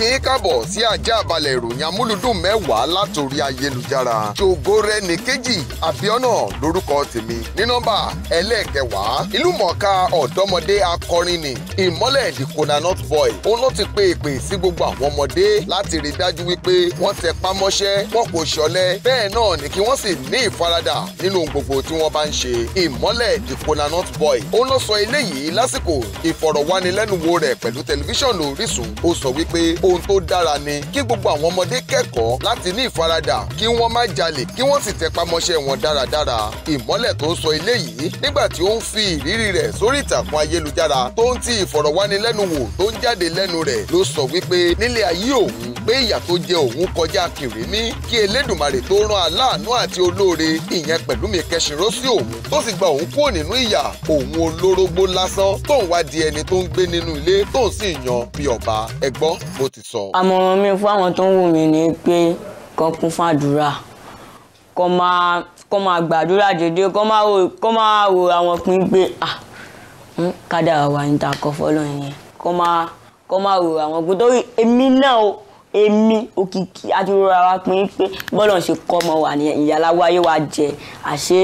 kí n kábọ̀ sí ajá balẹ̀ ìròyìn amúlùdùn mẹ́wàá látòrí ayélujára ṣògòrè ní kejì àbíọ́nà lórúkọ tèmi ní nọ́mbà ẹlẹ́ẹ̀kẹwàá ìlú mọ̀ọ́ká ọ̀dọ́mọdé akọrin ni ìmọ́lẹ̀ the conanut boy òun ló ti pe ìpè sí gbogbo àwọn ọmọdé láti rí dájú wípé wọ́n tẹ pámọ́ṣẹ́ wọn kò ṣọ̀lẹ bẹ́ẹ̀ náà ni kí wọ́n sì ní ìfaradà nínú gbogbo tí wọ́n bá ń ṣe ìmọ́lẹ̀ the conanut boy òun ló sọ eléyìí lásìkò ìfọ̀rọ̀wánilẹ́nuwò rẹ̀ pẹ̀lú tẹlifíṣàn Orísun ó sọ wípé ó ohun tó dára ni kí gbogbo àwọn ọmọdé kẹ́kọ̀ọ́ láti ní ìfaradà kí wọ́n má jalè kí wọ́n sì tẹpamọ́ṣẹ́ wọn dáradára ìmọ́lẹ̀ tó sọ ilé yìí nígbà tí ó ń fi ìrírí rẹ̀ sórí ìtàkùn ayélujára tó ń ti ìfọ̀rọ̀wánilẹ́nuwò tó ń jáde lẹ́nu rẹ̀ ló sọ wípé nílé ayé òun pé ìyà tó jẹ òun kọjá kiri ní kí elédùnmarè tó rán aláàánú àti olóore ìyẹn Pẹ̀lúmi Kẹ́ṣìnró sí òun tó sì gba òun kúrò nínú ìyà òun olórógbó lásán tóun wá di ẹni tó ń gbé nínú ilé tóun sì yan bí ọba ẹgbọ́n mo ti láti sọ. àmọ̀ràn mi fún àwọn tó ń wù mí ni pé kàn kún fún àdúrà kọ́ máa kọ́ máa gbàdúrà dédé kọ́ máa wò kọ́ máa wò àwọn pin pé ah kádàrà wà ní ta kọ́ fọ́lọ́ yẹn kọ́ máa kọ́ máa wò àwọn pin torí èmi náà o èmi òkìkí àti rọra wa pin pé bọ́lọ̀ ṣe kọ́ ọmọ wa nìyẹn ìyá aláwáyé wa jẹ àṣé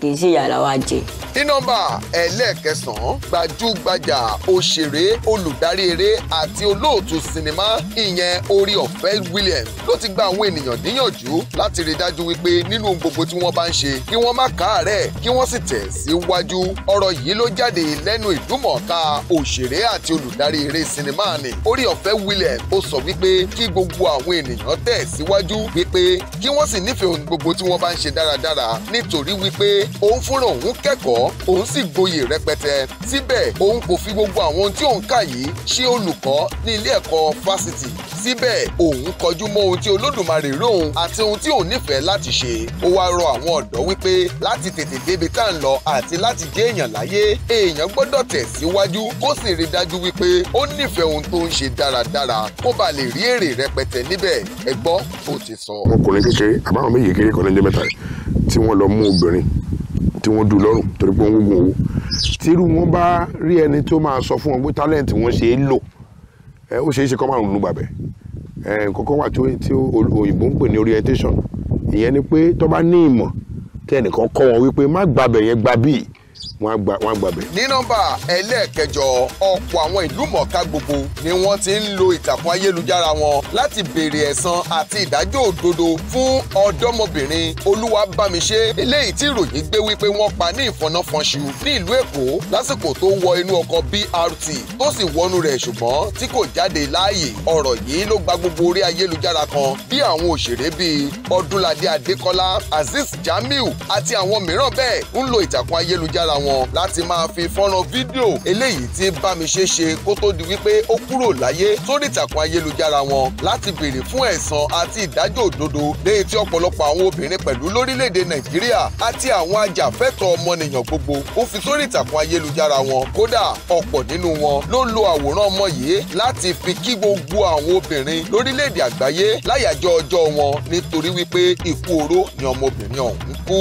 kì í sì yàrá wa jẹ. ní nọ́mbà ẹlẹ́ẹ̀kẹsàn-án gbajúgbajà òṣèré olùdarí eré àti olóòtú sinimá ìyẹn orí ọ̀fẹ́ Williams ló ti gba àwọn ènìyàn níyànjú láti rí dájú wípé nínú gbogbo tí wọ́n bá ń ṣe kí wọ́n má káàárẹ̀ kí wọ́n sì tẹ̀ síwájú ọ̀rọ̀ yìí ló jáde lẹ́nu ìdúmọ̀ọ́ká òṣèré àti olùdarí eré sinimá ni orí ọ̀fẹ́ Williams ó sọ wípé kí gbogbo àwọn ènìyàn tẹ̀ síwájú wípé kí wọ́n sì nífẹ̀ẹ́ ohun gbogbo tí wọ́n bá ń ṣe dáradára nítorí wípé òun fúnra òun kẹ́kọ̀ọ́ òun sì gboyè rẹpẹtẹ síbẹ̀ òun kò fi gbogbo àwọn tí òun kà yìí ṣe olùkọ́ ní ilé ẹ̀kọ́ fásitì síbẹ̀ òun kọjú mọ́ ohun tí olódùmarè róhun àti ohun tí òun nífẹ̀ẹ́ láti ṣe ó wáá rọ àwọn ọ̀dọ́ wípé láti tètè débi tá à ń lọ àti láti jẹ́ èèyàn láyé èèyàn gbọ́dọ̀ tẹ̀síwájú kó sì rí dájú wípé ó nífẹ̀ẹ́ ohun tó ń ṣe dáradára kó ba lè rí èrè rẹpẹtẹ níbẹ̀ ẹ gbọ́ ó ti sọ. ọkùnrin kékeré àbáwọn méjì kékeré kan ní ọjọ́ mẹ́ta tí wọ́n lọ mú obìnrin tí wọ́n dù lọ́rùn torí pé wọ́n gùn owó tírú wọn bá rí ẹni tó máa sọ fún wọn pé talent wọn ṣe é lò ó ṣeé ṣe kọ́ márùn ún bàbẹ̀ kọ́kọ́ wà tí òyìnbó ń pè ní orientation ìyẹn ni pé tó bá ní ìmọ̀ tẹ́nìkan kọ́ wọn wípé má gbàbẹ̀ yẹn gbà bíi wọ́n á gbà wọ́n á gbà bẹ̀. ní nọ́mbà ẹlẹ́ẹ̀kẹjọ ọ̀pọ̀ àwọn ìlú mọ̀ọ́ká gbogbo ni wọ́n ti ń lo ìtàkùn ayélujára wọn láti béèrè ẹ̀san àti ìdájọ́ òdodo fún ọ̀dọ́mọbìnrin Olúwabámiṣé eléyìí tí ìròyìn gbé wípé wọ́n pa ní ìfọnáfọnṣu ní ìlú Èkó lásìkò tó wọ inú ọkọ̀ BRT tó sì wọnú rẹ̀ ṣùgbọ́n tí kò jáde láàyè ọ̀rọ̀ yìí ló gba gbogbo orí ayélujára kan bí àwọn òṣèré bíi Ọdúnladé Adékọ́lá Azeez Jamiu àti àwọn mìíràn bẹ́ẹ̀ ń lo ìtàkùn ayélujára wọn wọn láti máa fi fọ́nrán fídíò eléyìí tí bá mi ṣe ṣe kó tó di wípé ó kúrò láyé sórí ìtàkùn ayélujára wọn láti béèrè fún ẹ̀san àti ìdájọ́ òdodo léyìí tí ọ̀pọ̀lọpọ̀ àwọn obìnrin pẹ̀lú lórílẹ̀‐èdè nàìjíríà àti àwọn ajàfẹ́tọ̀ ọmọnìyàn gbogbo ó fi sórí ìtàkùn ayélujára wọn kódà ọ̀pọ̀ nínú wọn ló ń lo àwòrán ọmọ yìí láti fi kí gbogbo àwọn obìnrin lórílẹ̀‐èdè àgbáyé láyàjọ́ ọjọ́ wọn nítorí wípé ikú oró ni ọmọbìnrin ọ̀hún kú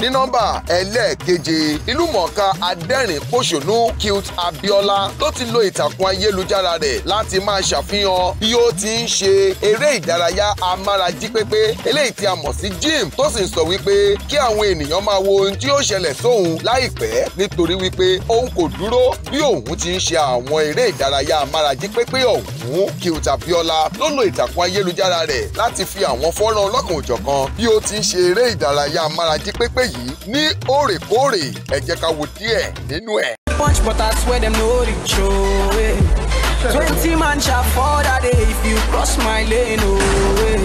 ní nọ́mbà ẹlẹ́ẹ̀keje ìlú mọ̀ òṣùmọ̀kan adẹ́rìn pòṣónú Cute Abiola ló ti lo ìtàkùn ayélujára rẹ̀ láti máa ṣàfihàn bí ó ti ń ṣe eré ìdárayá amárají pépé eléyìí tí a mọ̀ sí gym tó sì ń sọ wípé kí àwọn ènìyàn máa wo ohun tí ó ṣẹlẹ̀ sóhun láìpẹ́ nítorí wípé òun kò dúró bí òun ti ń ṣe àwọn eré ìdárayá amárají pépé ọ̀hún Cute Abiola ló lo ìtàkùn ayélujára rẹ̀ láti fi àwọn fọ́nrán ọlọ́kan òjọ̀kan bí ó ti ń ṣe eré ìdárayá amárají pépé yìí ní òrèkóòrè ẹ jẹ́ ká wò díẹ̀ nínú punch but I swear them no dey throw twenty man chop for that day if you cross my lane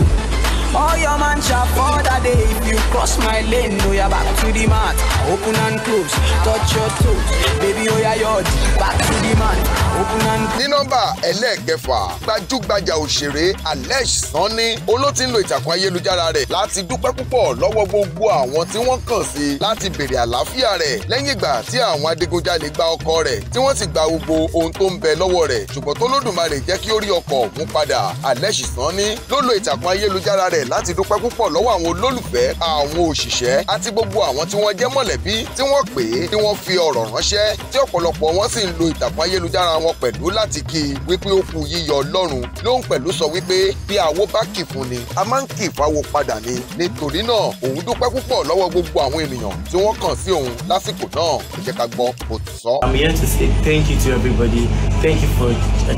Oh, yeah. up for that day If you cross my lane, no, you're back to the mat Open and close, touch your toes Baby, oh, yeah, you're back to the mat Open and close Ní nọ́mbà ẹlẹ́ẹ̀kẹfà, gbajúgbajà òṣèré Alesh Sanni olóòtú ń lo ìtàkùn ayélujára rẹ̀ láti dúpẹ́ púpọ̀ lọ́wọ́ gbogbo àwọn tí wọ́n kàn sí láti béèrè àlàáfíà rẹ̀ lẹ́yìn ìgbà tí àwọn adigunjalè gba ọkọ rẹ̀ tí wọ́n sì gba gbogbo ohun tó ń bẹ lọ́wọ́ rẹ̀ ṣùgbọ́n tó lódùmarè jẹ́ kí ó rí ọkọ̀ òun padà Alesh Sanni ló lo ìtàkùn ayélujára rẹ̀ láti dúpẹ́ púpọ̀ pọ̀ lọ́wọ́ àwọn olólùfẹ́ àwọn òṣìṣẹ́ àti gbogbo àwọn tí wọ́n jẹ́ mọ̀lẹ́bí tí wọ́n pè é tí wọ́n fi ọ̀rọ̀ ránṣẹ́ tí ọ̀pọ̀lọpọ̀ wọn sì ń lo ìtàkùn ayélujára wọn pẹ̀lú láti kí i wípé ó kú yíyọ Ọlọ́run lóhun pẹ̀lú sọ wípé bí àwo bá kì fún ni a máa ń kì fáwo padà ni nítorí náà òun dúpẹ́ púpọ̀ lọ́wọ́ gbogbo àwọn ènìyàn tí wọ́n kàn sí òun lásìkò náà ẹ ká gbọ́ bó ti sọ. I'm here to say thank you to everybody thank you for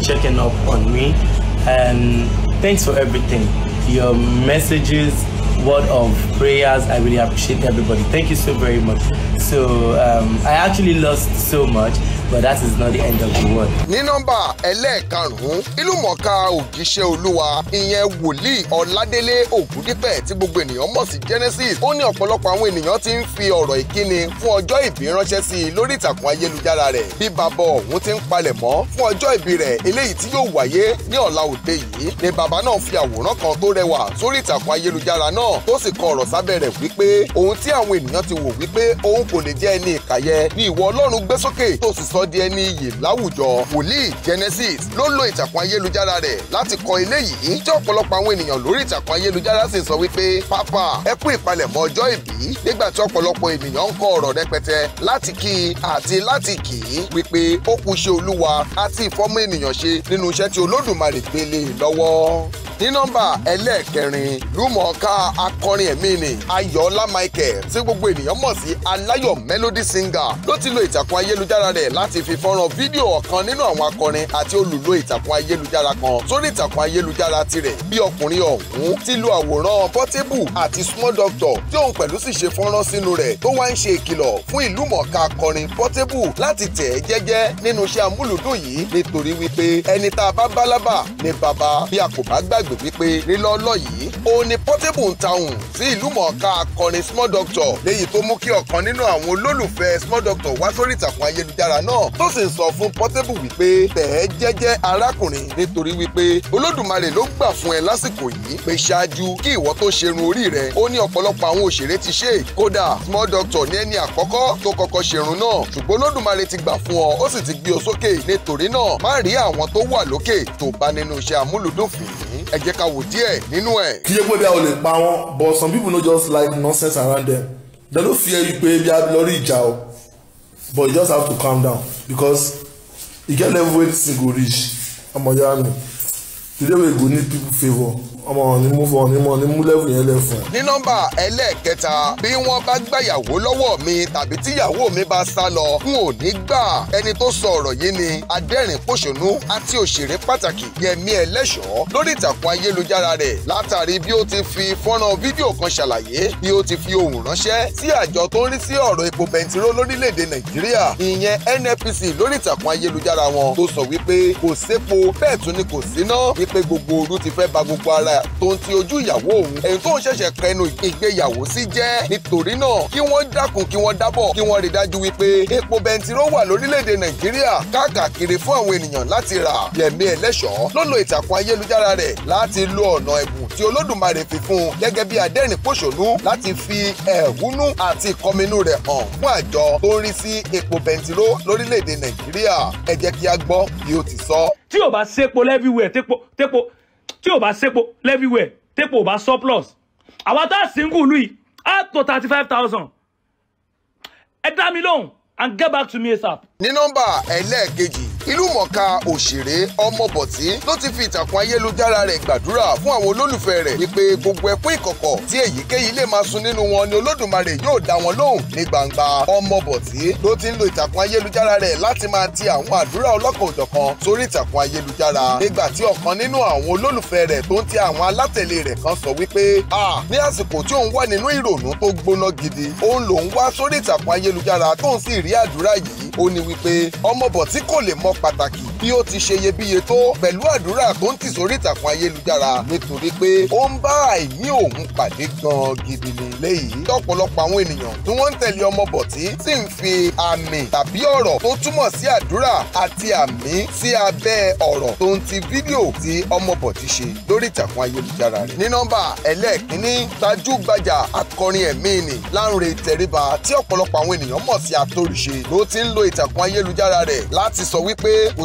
checking up on me and um, thanks for everything. your messages, word of prayers. I really appreciate everybody. Thank you so very much. So um, I actually lost so much. but that is not the end of the world. ní nọ́mbà ẹlẹ́ẹ̀karùn-ún ìlúmọ̀ọ́ká òjíṣẹ́ olúwa ìyẹn wòlíì ọládélé ògúndípẹ̀ tí gbogbo ènìyàn mọ̀ sí genesis ó ní ọ̀pọ̀lọpọ̀ àwọn ènìyàn ti ń fi ọ̀rọ̀ ìkíni fún ọjọ́ ìbí ránṣẹ́ sí i lórí ìtàkùn ayélujára rẹ̀ bí bàbá ọ̀hún ti ń palẹ̀ mọ́ fún ọjọ́ ìbí rẹ̀ eléyìí tí yóò wáyé ní ọ̀la òde yìí ni bàbá náà fi àwòrán kan tó rẹwà sórí ìtàkùn ayélujára náà tó sì kọ ọ̀rọ̀ sábẹ́ rẹ̀ wípé ohun tí àwọn ènìyàn ti wò wípé òun kò lè jẹ́ ẹni ìkàyẹ ni ìwọ ọlọ́run gbé sókè tó sì sọ sọ di ẹni iyì láwùjọ wòlíì Genesis ló lo ìtàkùn ayélujára rẹ̀ láti kọ eléyìí tí ọ̀pọ̀lọpọ̀ àwọn ènìyàn lórí ìtàkùn ayélujára sì sọ wípé pápá ẹ kú ìpalẹ̀mọ́ ọjọ́ ìbí nígbà tí ọ̀pọ̀lọpọ̀ ènìyàn ń kọ ọ̀rọ̀ rẹpẹtẹ láti kí i àti láti kì í wípé ó kú olúwa àti ìfọ́mọ ènìyàn ṣe nínú iṣẹ́ tí olódùmarè gbélé e lọ́wọ́ ní nọ́mbà ẹlẹ́ẹ̀kẹrin rúmọ̀ọ́ká akọrin ẹ̀mí ni ayọ̀ọ́lá michael tí gbogbo ènìyàn mọ̀ sí aláyọ̀ melody singer ló ti lo ìtàkùn ayélujára rẹ̀ láti fi fọ́nrán fídíò ọ̀kan nínú àwọn akọrin àti olùlò ìtàkùn ayélujára kan sórí ìtàkùn ayélujára tirẹ̀ bí ọkùnrin ọ̀hún ti lo àwòrán portable àti small doctor tí òun pẹ̀lú sì ṣe fọ́nrán sínú rẹ̀ tó wá ń ṣe ìkìlọ̀ fún ìlú mọ̀ọ́ká akọrin portable láti tẹ̀ ẹ́ jẹ́jẹ́ nínú iṣẹ́ amúlùdùn yìí nítorí wípé ẹni tá a bá bá lábà ni bàbá bí a kò bá gbàg gbàgbé wípé nílọ́ọ́lọ́ yìí òun ni Portable Town sí ìlú mọ̀ọ́ká akọrin Small Doctor léyìí tó mú kí ọ̀kan nínú àwọn olólùfẹ́ Small Doctor wá sórí ìtàkùn ayélujára náà tó sì ń sọ fún Portable wípé tẹ̀ jẹ́jẹ́ arákùnrin nítorí wípé Olódùmarè ló gbà fún ẹ lásìkò yìí pé ṣáájú kí ìwọ tó ṣerun orí rẹ ó ní ọ̀pọ̀lọpọ̀ àwọn òṣèré ti ṣe kódà Small Doctor ní ẹni àkọ́kọ́ tó kọ́kọ́ ṣerun náà ṣùgbọ́n Olódùmarè ti gbà fún ọ ó sì ti gbé ọ sókè nítorí náà má rí àwọn tó wà lókè tó bá nínú iṣẹ́ amúlùdùnfín ẹ jẹ́ ká wò díẹ̀ nínú ẹ̀. kí ṣe pé bí a ò lè pa wọn but some people no just like nonsense around them they no fear you pé bí a lórí ìjà o but you just have to calm down because e get level wey this thing go reach ọmọ yàrá mi today we go need people favour ọmọ ọ̀hún mú fún ọ̀hún mú ọ̀hún mú lẹ́wù yẹn lẹ fún. ní nọ́mbà ẹlẹ́ẹ̀kẹta bí wọ́n bá gbàyàwó lọ́wọ́ mi tàbí tíyàwó mi bá sá lọ n ò ní gbà ẹni tó sọ ọ̀rọ̀ yìí ni adẹ́rìn pòṣónú àti òṣèré pàtàkì yẹmí ẹlẹ́ṣọ̀ọ́ lórí ìtàkùn ayélujára rẹ̀ látàrí bí ó ti fi fọ́nrán fídíò kan ṣàlàyé bí ó ti fi ohùn ránṣẹ́ sí àjọ tó ń rí sí ọ̀rọ̀ epo bẹntiró lórílẹ̀‐èdè nàìjíríà ìyẹn nnpc lórí ìtàkùn ayélujára wọn tó sọ wípé kò sépo bẹ́ẹ̀ tún ni kò síná wípé gbogbo ooru ti fẹ́ ba gbogbo ara aya tó ń ti ojú ìyàwó òun ẹni tó ń ṣẹ̀ṣẹ̀ kẹnu ìgbéyàwó sí jẹ́ nítorí náà kí wọ́n dákun kí wọ́n dábọ̀ kí wọ́n rí dájú wípé epo bẹntiró wà lórílẹ̀‐èdè nàìjíríà káàkiri fún àwọn ènìyàn láti rà yẹ̀mí ẹlẹ́ṣọ̀ọ́ ló lo ìtàkùn ayélujára rẹ̀ láti lo ọ̀nà ẹ̀bùn tí olódùmarè fi fún un gẹ́gẹ́ bí adẹ́rìn pòṣónú láti fi ẹ̀hónú àti ìkọminú rẹ̀ hàn fún àjọ tó ń rí sí epo bẹntiró lórílẹ̀‐èdè nàìjíríà ẹ jẹ́ kí a gbọ́ bí ó ti sọ. tí ò bá sépo lẹ́bíwẹ̀ tépo tépo tí ò bá sépo everywhere. tépo ò bá surplus àwa tá single, lui lù to á tó thirty five thousand ẹ dá mi lóhùn and get back to me asap. ní nọ́mbà ẹlẹ́ẹ̀kejì ìlú mọ̀ọ́ká òṣèré ọmọbọ̀tí ló ti fi ìtàkùn ayélujára rẹ̀ gbàdúrà fún àwọn olólùfẹ́ rẹ̀ wípé gbogbo ẹkún ìkọ̀kọ̀ tí èyíkéyìí lè máa sun nínú wọn ni olódùmarè yóò dá wọn lóhùn ní gbangba ọmọbọ̀tí ló ti ń lo ìtàkùn ayélujára rẹ̀ láti máa ti àwọn àdúrà ọlọ́kan òjọ̀kan sórí ìtàkùn ayélujára nígbà tí ọ̀kan nínú àwọn olólùfẹ́ rẹ̀ tó ń ti àwọn alátẹ̀lé rẹ̀ kan sọ wípé a ní àsìkò tí òun wà nínú ìrònú tó gbóná gidi òun lòun wá sórí ìtàkùn ayélujára tóun sì rí àdúrà yìí ó ní wípé ọmọbọ̀tí kò lè mọ patar tá aqui. bí ó ti ṣe iyebíye tó pẹ̀lú àdúrà tó ń tì sórí ayélujára nítorí pé ó ń bá àìní òun pàdé gan gidi ní yìí. ọ̀pọ̀lọpọ̀ àwọn ènìyàn tí wọ́n ń tẹ̀lé ọmọ bọ̀tí sì ń fi àmì tàbí ọ̀rọ̀ tó túmọ̀ sí àdúrà àti àmì sí abẹ́ ọ̀rọ̀ tó ń ti fídíò tí ọmọ bọ̀tí ṣe lórí ìtàkùn ayélujára rẹ̀. ní nọ́mbà ẹlẹ́ẹ̀kínní gbajúgbajà akọrin ẹ̀mí ni Lánrè Tẹríba tí ọ̀pọ̀lọpọ̀ àwọn ènìyàn mọ̀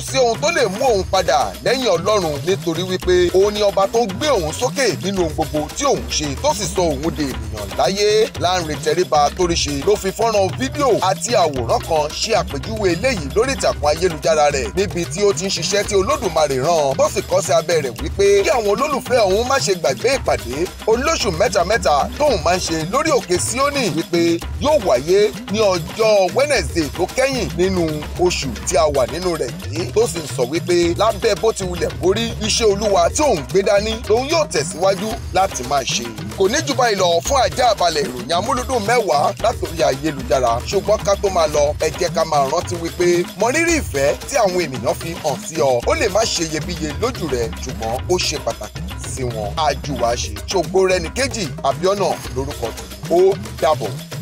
sí ohun tó lè mú òun padà lẹ́yìn ọlọ́run nítorí wípé òun ni ọba tó ń gbé òun sókè nínú ohun gbogbo tí òun ṣe tó sì sọ òun di ènìyàn láyé Lánrè Tẹríba Tóríṣe ló fi fọ́nrán fídíò àti àwòrán kan ṣe àpèjúwe eléyìí lórí ìtàkùn ayélujára rẹ̀ níbi tí ó ti ń ṣiṣẹ́ tí olódùmarè rán tó sì kọ sí abẹ́ rẹ̀ wípé kí àwọn olólùfẹ́ òun má ṣe gbàgbé ìpàdé olóṣù mẹ́tamẹ́ta tóun máa ń ṣe lórí òkè Síónì wípé yóò wáyé ní ọjọ́ Wednesday tó kẹ́yìn nínú oṣù tí a wà nínú rẹ̀ yìí tó sì ń sọ wípé lábẹ́ bó ti wulẹ̀ borí iṣẹ́ olúwa tí òun gbé dání lòun yóò tẹ̀síwájú láti máa ṣe. kò ní jù báyìí lọ fún àjá àbálẹ̀ ìròyìn amúlùdùn mẹ́wàá látòrí ayélujára ṣùgbọ́n ká tó máa lọ ẹ ká máa rántí wípé mọrírì ìfẹ́ tí àwọn ènìyàn fi hàn sí ọ ó lè má ṣe iyebíye lójú rẹ ṣùgbọ́n ó ṣe pàtàkì sí wọn. àjùwà ṣe ṣògbó rẹ nìkejì àbíọ́nà lórúkọ tó dàbọ̀.